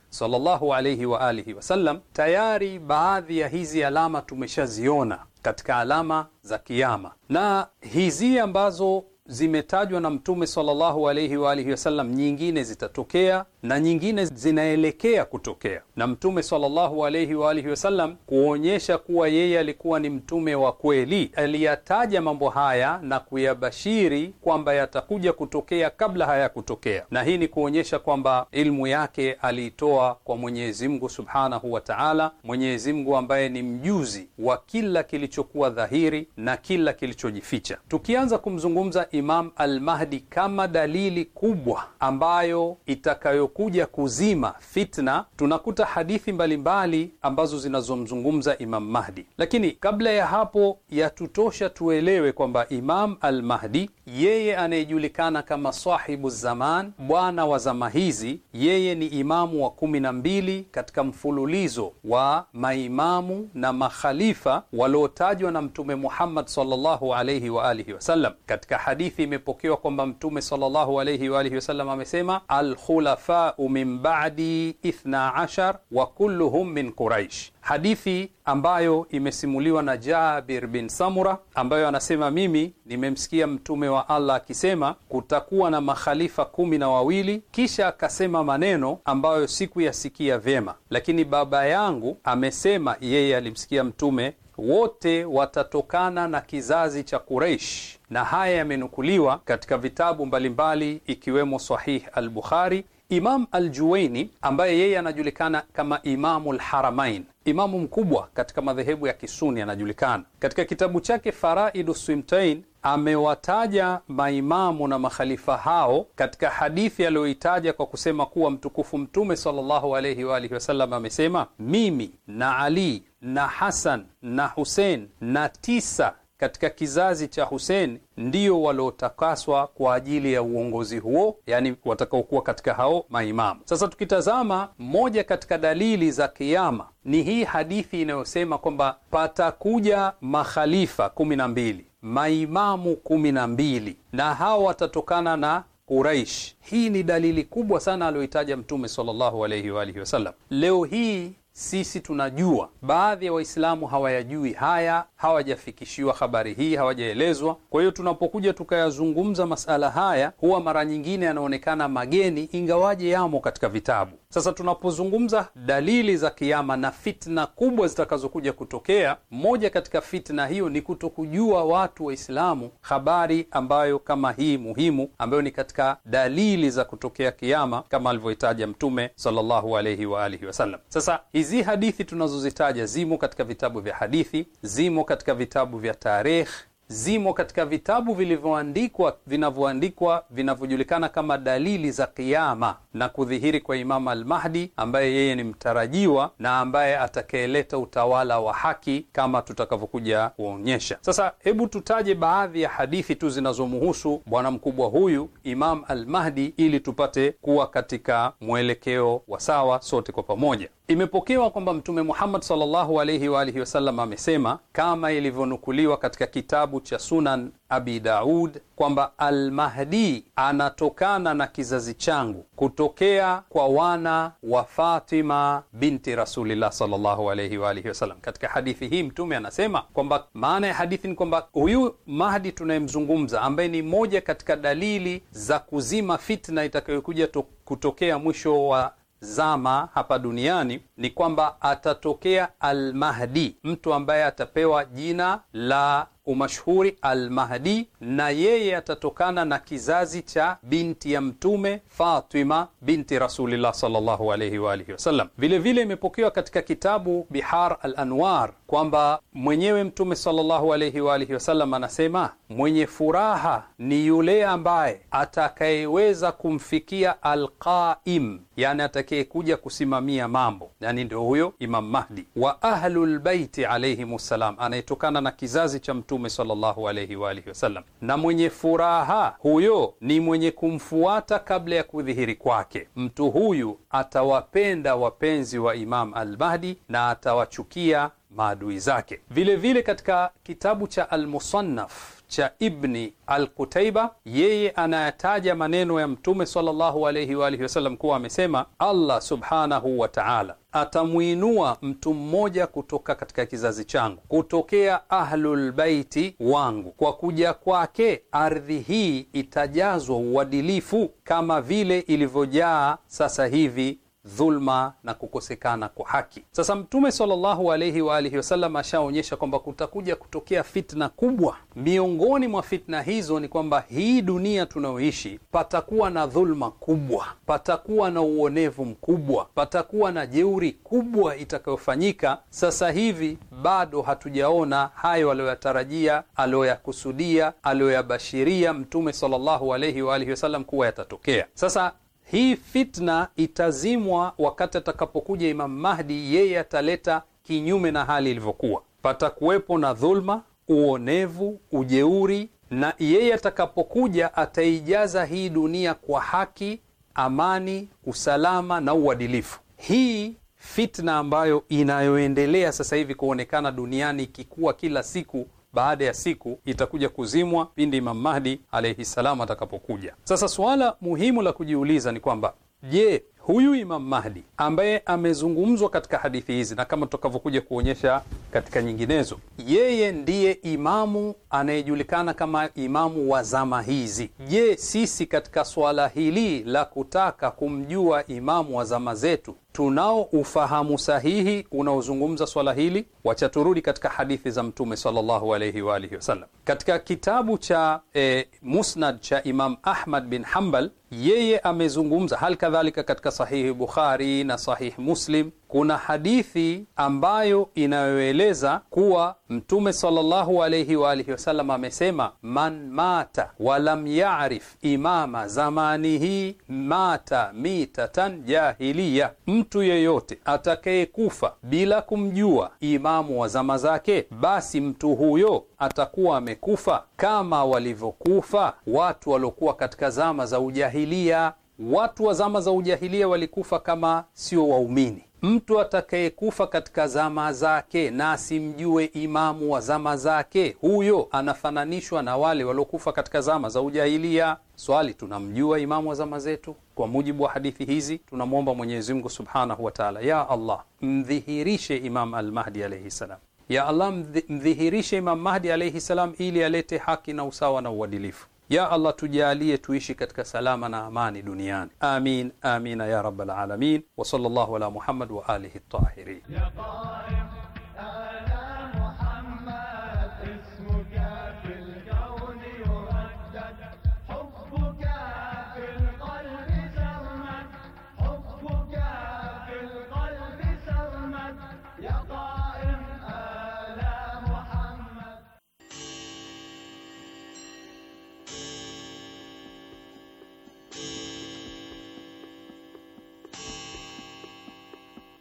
sallallahu alaihi wa alihi wasallam, tayari baadhi ya hizi alama tumeshaziona katika alama za kiama na hizi ambazo zimetajwa na Mtume sallallahu alaihi wa alihi wasallam, nyingine zitatokea na nyingine zinaelekea kutokea, na Mtume sallallahu alayhi wa alihi wasallam kuonyesha kuwa yeye alikuwa ni mtume wa kweli, aliyataja mambo haya na kuyabashiri kwamba yatakuja kutokea kabla hayakutokea, na hii ni kuonyesha kwamba ilmu yake aliitoa kwa Mwenyezi Mungu subhanahu wa taala, Mwenyezi Mungu ambaye ni mjuzi wa kila kilichokuwa dhahiri na kila kilichojificha. Tukianza kumzungumza Imam Al-Mahdi kama dalili kubwa ambayo itakayo kuja kuzima fitna, tunakuta hadithi mbalimbali mbali ambazo zinazomzungumza Imam Mahdi, lakini kabla ya hapo yatutosha tuelewe kwamba Imam al-Mahdi yeye anayejulikana kama sahibu zaman, bwana wa zama hizi, yeye ni imamu wa kumi na mbili katika mfululizo wa maimamu na makhalifa waliotajwa na Mtume Muhammad sallallahu alayhi wa alihi wasallam. Katika hadithi imepokewa kwamba Mtume sallallahu alayhi wa alihi wasallam amesema, alkhulafau min ba'di ithna ashar wa kulluhum min Quraish. Hadithi ambayo imesimuliwa na Jabir bin Samura, ambayo anasema mimi nimemsikia Mtume wa Allah akisema kutakuwa na makhalifa kumi na wawili, kisha akasema maneno ambayo sikuyasikia vyema, lakini baba yangu amesema yeye alimsikia Mtume wote watatokana na kizazi cha Quraish, na haya yamenukuliwa katika vitabu mbalimbali ikiwemo Sahih al-Bukhari. Imam al-Juwaini ambaye yeye anajulikana kama Imamu haramain imamu mkubwa katika madhehebu ya Kisuni anajulikana. Katika kitabu chake Faraidu Swimtain amewataja maimamu na makhalifa hao katika hadithi aliyoitaja kwa kusema kuwa mtukufu Mtume sallallahu wa alihi wasallam amesema, mimi na Ali na Hasan na Husein na tisa katika kizazi cha Hussein ndio waliotakaswa kwa ajili ya uongozi huo, yani watakaokuwa katika hao maimamu. Sasa tukitazama moja katika dalili za kiama ni hii hadithi inayosema kwamba patakuja makhalifa kumi na mbili, maimamu kumi na mbili, na hao watatokana na Quraish. Hii ni dalili kubwa sana aliyoitaja Mtume sallallahu alayhi wa alihi wasallam. Leo hii sisi tunajua, baadhi ya wa Waislamu hawayajui haya, hawajafikishiwa habari hii, hawajaelezwa. Kwa hiyo tunapokuja tukayazungumza masala haya, huwa mara nyingine yanaonekana mageni, ingawaje yamo katika vitabu. Sasa tunapozungumza dalili za kiama na fitna kubwa zitakazokuja kutokea, moja katika fitna hiyo ni kutokujua watu Waislamu habari ambayo kama hii muhimu, ambayo ni katika dalili za kutokea kiama kama alivyoitaja Mtume sallallahu alayhi wa alihi wasallam. Sasa hizi hadithi tunazozitaja zimo katika vitabu vya hadithi, zimo katika vitabu vya tarikh zimo katika vitabu vilivyoandikwa vinavyoandikwa vinavyojulikana kama dalili za kiama na kudhihiri kwa Imam al-Mahdi ambaye yeye ni mtarajiwa na ambaye atakayeleta utawala wa haki kama tutakavyokuja kuonyesha. Sasa hebu tutaje baadhi ya hadithi tu zinazomuhusu bwana mkubwa huyu Imam al-Mahdi ili tupate kuwa katika mwelekeo wa sawa sote kwa pamoja. Imepokewa kwamba Mtume Muhammad sallallahu alayhi wa alihi wasallam amesema kama ilivyonukuliwa katika kitabu cha Sunan Abi Daud kwamba Almahdi anatokana na kizazi changu kutokea kwa wana wa Fatima binti Rasulillah sallallahu alayhi wa alihi wasallam. Katika hadithi hii Mtume anasema kwamba maana ya hadithi ni kwamba huyu Mahdi tunayemzungumza, ambaye ni moja katika dalili za kuzima fitna itakayokuja kutokea mwisho wa zama hapa duniani ni kwamba atatokea Almahdi, mtu ambaye atapewa jina la umashhuri Almahdi, na yeye atatokana na kizazi cha binti ya Mtume Fatima binti Rasulillah sallallahu alayhi wa alihi wasallam. Vilevile imepokewa katika kitabu Bihar al Anwar kwamba mwenyewe Mtume sallallahu alayhi wa alihi wasallam anasema, mwenye furaha ni yule ambaye atakayeweza kumfikia Alqaim, yani atakayekuja kusimamia mambo, yani ndio huyo Imam Mahdi wa Ahlulbaiti alayhimus salam, anayetokana na kizazi cha Mtume Mtume sallallahu alaihi wa alihi wasallam, na mwenye furaha huyo ni mwenye kumfuata kabla ya kudhihiri kwake. Mtu huyu atawapenda wapenzi wa Imam al-Mahdi na atawachukia maadui zake. Vilevile vile katika kitabu cha almusannaf cha Ibni alkutaiba yeye anayataja maneno ya Mtume sallallahu alayhi wa alihi wasallam kuwa amesema, Allah subhanahu wa ta'ala atamwinua mtu mmoja kutoka katika kizazi changu kutokea ahlulbaiti wangu, kwa kuja kwake ardhi hii itajazwa uadilifu kama vile ilivyojaa sasa hivi dhulma na kukosekana kwa haki. Sasa Mtume sallallahu alaihi wa alihi wasallam ashaonyesha kwamba kutakuja kutokea fitna kubwa. Miongoni mwa fitna hizo ni kwamba hii dunia tunayoishi, patakuwa na dhulma kubwa, patakuwa na uonevu mkubwa, patakuwa na jeuri kubwa itakayofanyika. Sasa hivi bado hatujaona hayo aliyoyatarajia, aliyoyakusudia, aliyoyabashiria Mtume sallallahu alaihi wa alihi wasallam kuwa yatatokea. Sasa hii fitna itazimwa wakati atakapokuja Imam Mahdi. Yeye ataleta kinyume na hali ilivyokuwa, patakuwepo na dhulma, uonevu, ujeuri, na yeye atakapokuja ataijaza hii dunia kwa haki, amani, usalama na uadilifu. Hii fitna ambayo inayoendelea sasa hivi kuonekana duniani ikikuwa kila siku baada ya siku itakuja kuzimwa pindi Imam Mahdi alayhi salam atakapokuja. Sasa suala muhimu la kujiuliza ni kwamba je, huyu Imam Mahdi ambaye amezungumzwa katika hadithi hizi na kama tutakavyokuja kuonyesha katika nyinginezo, yeye ndiye imamu anayejulikana kama imamu wa zama hizi. Je, sisi katika swala hili la kutaka kumjua imamu wa zama zetu tunao ufahamu sahihi unaozungumza swala hili? Wacha turudi katika hadithi za Mtume sallallahu wa alihi wasallam. Katika kitabu cha e, Musnad cha Imam Ahmad bin Hanbal yeye amezungumza hali kadhalika katika sahihi Bukhari na sahihi Muslim kuna hadithi ambayo inayoeleza kuwa Mtume sallallahu alayhi wa alihi wasallam amesema, man mata walam yarif imama zamanihi mata mitatan jahiliya, mtu yeyote atakayekufa bila kumjua imamu wa zama zake, basi mtu huyo atakuwa amekufa kama walivyokufa watu waliokuwa katika zama za ujahilia. Watu wa zama za ujahilia walikufa kama sio waumini Mtu atakayekufa katika zama zake na asimjue imamu wa zama zake, huyo anafananishwa na wale waliokufa katika zama za ujahilia. Swali, tunamjua imamu wa zama zetu? Kwa mujibu wa hadithi hizi, tunamwomba Mwenyezi Mungu subhanahu wa taala, ya Allah, mdhihirishe Imam Almahdi alaihi salam. Ya Allah, mdhihirishe Imam Mahdi alaihi salam, ili alete haki na usawa na uadilifu ya Allah tujalie tuishi katika salama na amani duniani. Amin, amina ya rabbal alamin. Wa sallallahu ala Muhammad wa alihi tahirin.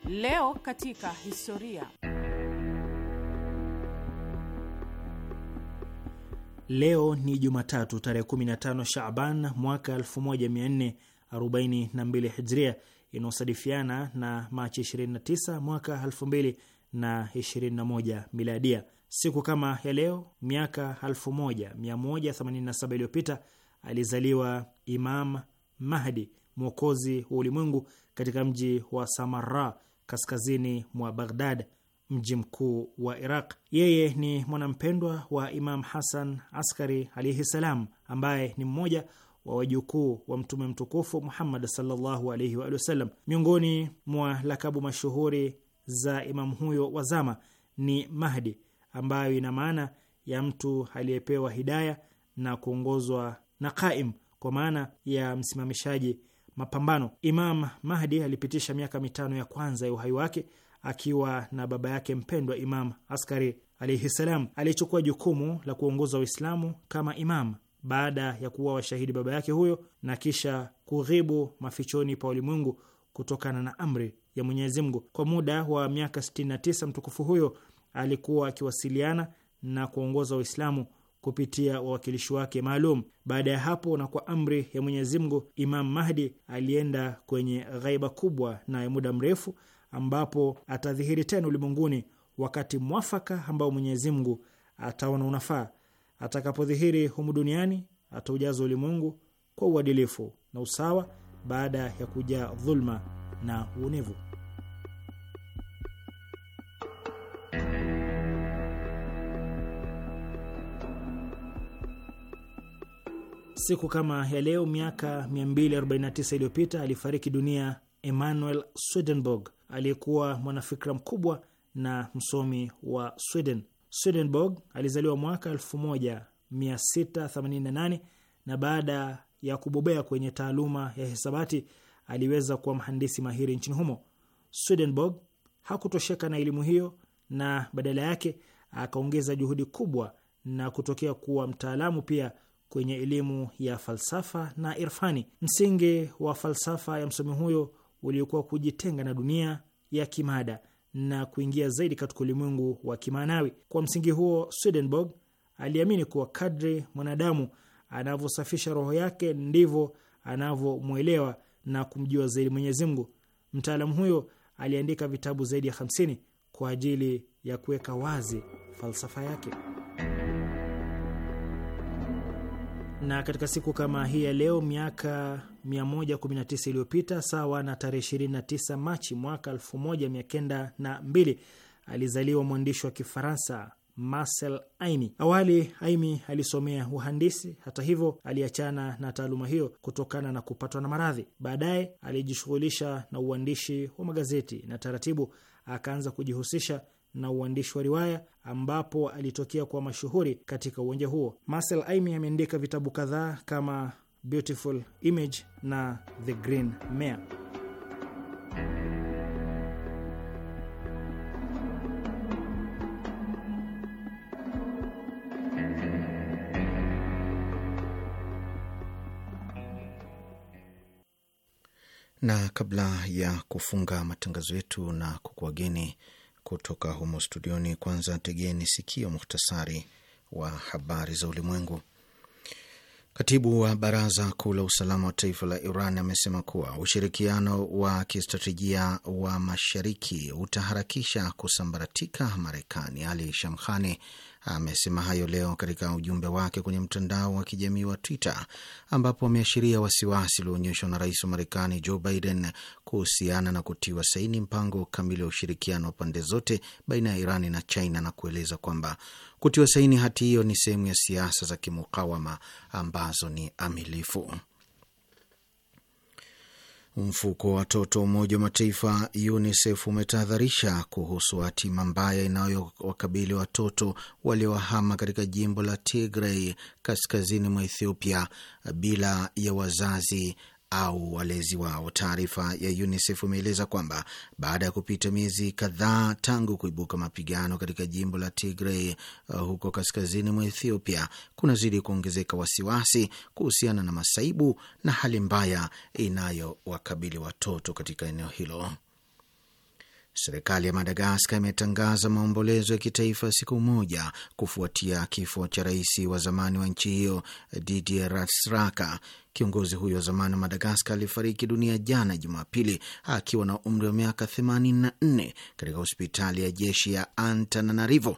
Leo katika historia. Leo ni Jumatatu tarehe 15 Shaban mwaka 1442 Hijria, inayosadifiana na Machi 29 mwaka 2021 Miladia. Siku kama ya leo miaka 1187 iliyopita alizaliwa Imam Mahdi, mwokozi wa ulimwengu, katika mji wa Samara kaskazini mwa Baghdad, mji mkuu wa Iraq. Yeye ni mwanampendwa wa Imam Hasan Askari alaihi ssalam ambaye ni mmoja wa wajukuu wa Mtume mtukufu Muhammad sallallahu alaihi wa sallam. Miongoni mwa lakabu mashuhuri za imamu huyo wa zama ni Mahdi, ambayo ina maana ya mtu aliyepewa hidaya na kuongozwa na Qaim, kwa maana ya msimamishaji mapambano. Imam Mahdi alipitisha miaka mitano ya kwanza ya uhai wake akiwa na baba yake mpendwa Imam Askari alaihi salam. Alichukua jukumu la kuongoza Waislamu kama imam baada ya kuwa washahidi baba yake huyo na kisha kughibu mafichoni pa ulimwengu kutokana na amri ya Mwenyezi Mungu. Kwa muda wa miaka 69 mtukufu huyo alikuwa akiwasiliana na kuongoza Waislamu kupitia wawakilishi wake maalum. Baada ya hapo na kwa amri ya Mwenyezi Mungu, Imam Mahdi alienda kwenye ghaiba kubwa na ya muda mrefu, ambapo atadhihiri tena ulimwenguni wakati mwafaka ambao Mwenyezi Mungu ataona unafaa. Atakapodhihiri humu duniani, ataujaza ulimwengu kwa uadilifu na usawa baada ya kujaa dhulma na uonevu. Siku kama ya leo miaka 249 iliyopita alifariki dunia emmanuel Swedenborg aliyekuwa mwanafikra mkubwa na msomi wa Sweden. Swedenborg alizaliwa mwaka 1688 na baada ya kubobea kwenye taaluma ya hisabati aliweza kuwa mhandisi mahiri nchini humo. Swedenborg hakutosheka na elimu hiyo na badala yake akaongeza juhudi kubwa na kutokea kuwa mtaalamu pia kwenye elimu ya falsafa na irfani. Msingi wa falsafa ya msomi huyo uliokuwa kujitenga na dunia ya kimada na kuingia zaidi katika ulimwengu wa kimaanawi. Kwa msingi huo, Swedenborg aliamini kuwa kadri mwanadamu anavyosafisha roho yake ndivyo anavyomwelewa na kumjua zaidi Mwenyezi Mungu. Mtaalamu huyo aliandika vitabu zaidi ya 50 kwa ajili ya kuweka wazi falsafa yake. na katika siku kama hii ya leo miaka 119 iliyopita, sawa na tarehe 29 Machi mwaka 1902, alizaliwa mwandishi wa Kifaransa Marcel Aimi. Awali Aimi alisomea uhandisi. Hata hivyo, aliachana na taaluma hiyo kutokana na kupatwa na maradhi. Baadaye alijishughulisha na uandishi wa magazeti na taratibu akaanza kujihusisha na uandishi wa riwaya ambapo alitokea kuwa mashuhuri katika uwanja huo. Marcel Aimi ameandika vitabu kadhaa kama Beautiful Image na The Green Mare. Na kabla ya kufunga matangazo yetu na kukuageni kutoka humo studioni. Kwanza tegeni sikio muhtasari wa habari za ulimwengu. Katibu wa baraza kuu la usalama wa taifa la Iran amesema kuwa ushirikiano wa kistratejia wa mashariki utaharakisha kusambaratika Marekani. Ali Shamkhani amesema hayo leo katika ujumbe wake kwenye mtandao wa kijamii wa Twitter ambapo ameashiria wasiwasi ulioonyeshwa na rais wa Marekani Joe Biden kuhusiana na kutiwa saini mpango kamili wa ushirikiano wa pande zote baina ya Irani na China na kueleza kwamba kutiwa saini hati hiyo ni sehemu ya siasa za kimukawama ambazo ni amilifu. Mfuko wa watoto wa Umoja wa Mataifa UNICEF umetahadharisha kuhusu hatima mbaya inayowakabili watoto waliowahama katika jimbo la Tigray kaskazini mwa Ethiopia bila ya wazazi au walezi wao. Taarifa ya UNICEF imeeleza kwamba baada ya kupita miezi kadhaa tangu kuibuka mapigano katika jimbo la Tigray uh, huko kaskazini mwa Ethiopia, kunazidi kuongezeka wasiwasi kuhusiana na masaibu na hali mbaya inayowakabili watoto katika eneo hilo. Serikali ya Madagaskar imetangaza maombolezo ya kitaifa siku moja kufuatia kifo cha rais wa zamani wa nchi hiyo Didier Ratsiraka. Kiongozi huyo wa zamani wa Madagaskar alifariki dunia jana Jumapili akiwa na umri wa miaka 84 katika hospitali ya jeshi ya Antananarivo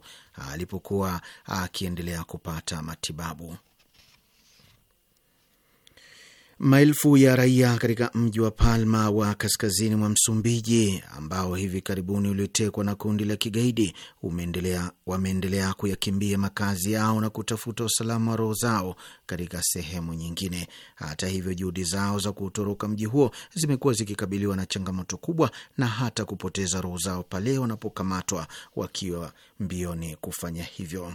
alipokuwa akiendelea kupata matibabu. Maelfu ya raia katika mji wa Palma wa kaskazini mwa Msumbiji, ambao hivi karibuni uliotekwa na kundi la kigaidi, wameendelea kuyakimbia makazi yao na kutafuta usalama wa roho zao katika sehemu nyingine. Hata hivyo, juhudi zao za kutoroka mji huo zimekuwa zikikabiliwa na changamoto kubwa na hata kupoteza roho zao pale wanapokamatwa wakiwa mbioni kufanya hivyo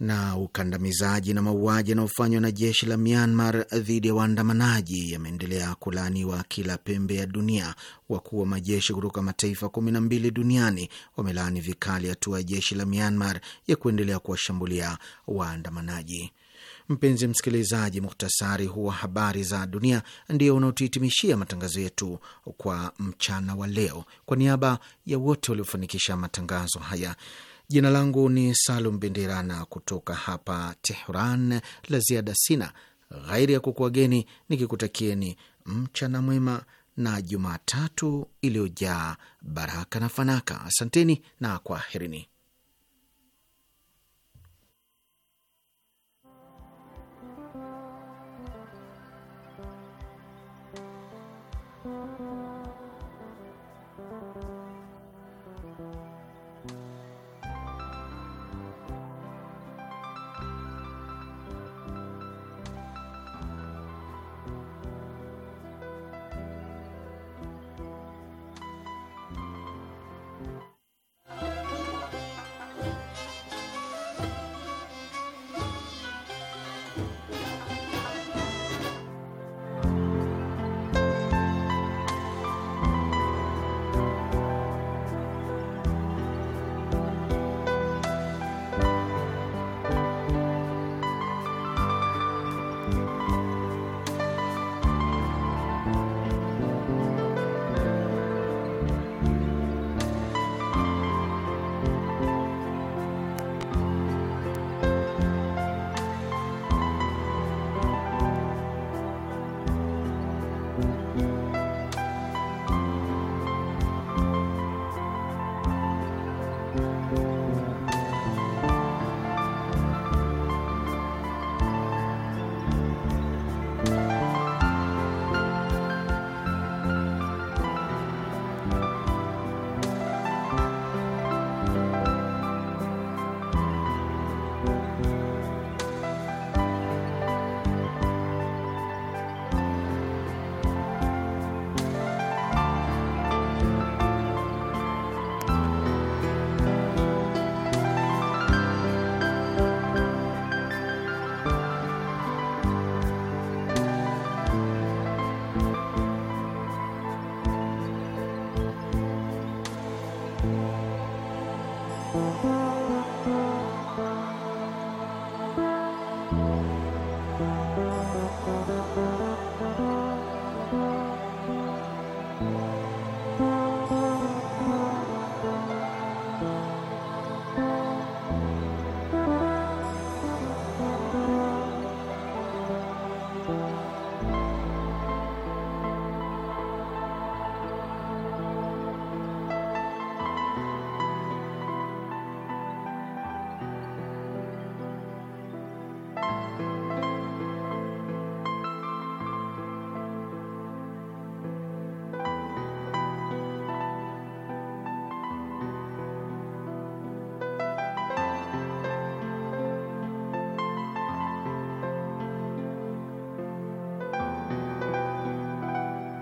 na ukandamizaji na mauaji yanayofanywa na jeshi la Myanmar dhidi ya waandamanaji yameendelea kulaaniwa kila pembe ya dunia. Wakuu wa majeshi kutoka mataifa kumi na mbili duniani wamelaani vikali hatua ya jeshi la Myanmar ya kuendelea kuwashambulia waandamanaji. Mpenzi msikilizaji, muhtasari huu wa habari za dunia ndio unaotuhitimishia matangazo yetu kwa mchana wa leo. Kwa niaba ya wote waliofanikisha matangazo haya Jina langu ni Salum Bindirana kutoka hapa Tehran. La ziada sina ghairi ya kukuageni nikikutakieni mchana mwema na Jumatatu iliyojaa baraka na fanaka. Asanteni na kwaherini.